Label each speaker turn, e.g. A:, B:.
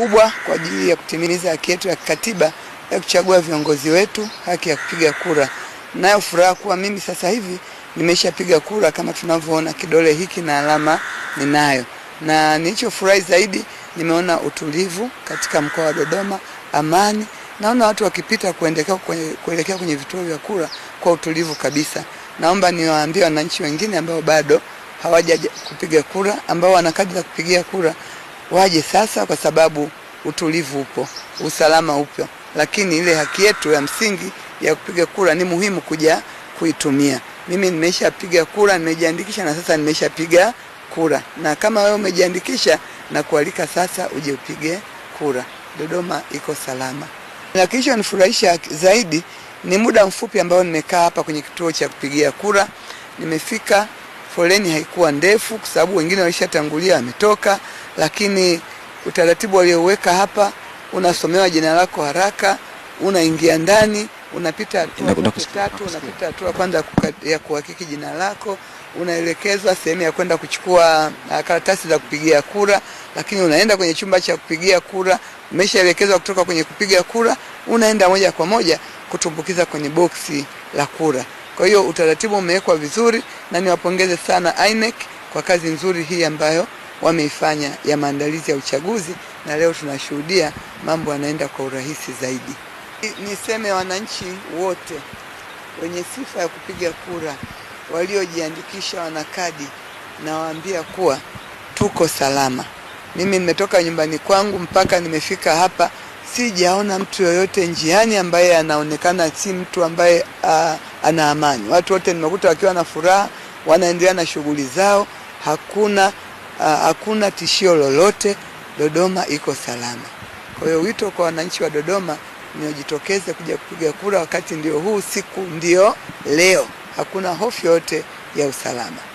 A: kubwa kwa ajili ya kutimiza haki yetu ya kikatiba ya kuchagua viongozi wetu, haki ya kupiga kura. Nayo furaha kuwa mimi sasa hivi nimeshapiga kura kama tunavyoona kidole hiki na alama ninayo, na nilichofurahi zaidi nimeona utulivu katika mkoa wa Dodoma, amani. Naona watu wakipita kuelekea kwenye, kuelekea kwenye vituo vya kura kwa utulivu kabisa. Naomba niwaambie wananchi wengine ambao bado hawaja kupiga kura, ambao wana kadi za kupigia kura waje sasa, kwa sababu utulivu upo, usalama upo, lakini ile haki yetu ya msingi ya kupiga kura ni muhimu kuja kuitumia. Mimi nimeshapiga kura, nimejiandikisha na sasa nimeshapiga kura, na kama wewe umejiandikisha, na kualika sasa uje upige kura. Dodoma iko salama, na nifurahisha zaidi ni muda mfupi ambao nimekaa hapa kwenye kituo cha kupigia kura, nimefika foleni haikuwa ndefu kwa sababu wengine walishatangulia wametoka, lakini utaratibu walioweka hapa, unasomewa jina lako haraka, unaingia ndani, unapita tatu, unapita hatua kwanza ya kuhakiki jina lako, unaelekezwa sehemu ya kwenda kuchukua ah, karatasi za kupigia kura, lakini unaenda kwenye chumba cha kupigia kura, umeshaelekezwa kutoka kwenye kupiga kura, unaenda moja kwa moja kutumbukiza kwenye boksi la kura. Kwa hiyo utaratibu umewekwa vizuri, na niwapongeze sana INEC kwa kazi nzuri hii ambayo wameifanya ya maandalizi ya uchaguzi, na leo tunashuhudia mambo yanaenda kwa urahisi zaidi. Niseme wananchi wote wenye sifa ya kupiga kura waliojiandikisha wana kadi, nawaambia kuwa tuko salama. Mimi nimetoka nyumbani kwangu mpaka nimefika hapa sijaona mtu yoyote njiani ambaye anaonekana si mtu ambaye uh, ana amani. Watu wote nimekuta wakiwa na furaha, wanaendelea na shughuli zao, hakuna uh, hakuna tishio lolote. Dodoma iko salama. Kwa hiyo wito kwa wananchi wa Dodoma niojitokeze kuja kupiga kura wakati ndio huu, siku ndio leo, hakuna hofu yoyote ya usalama.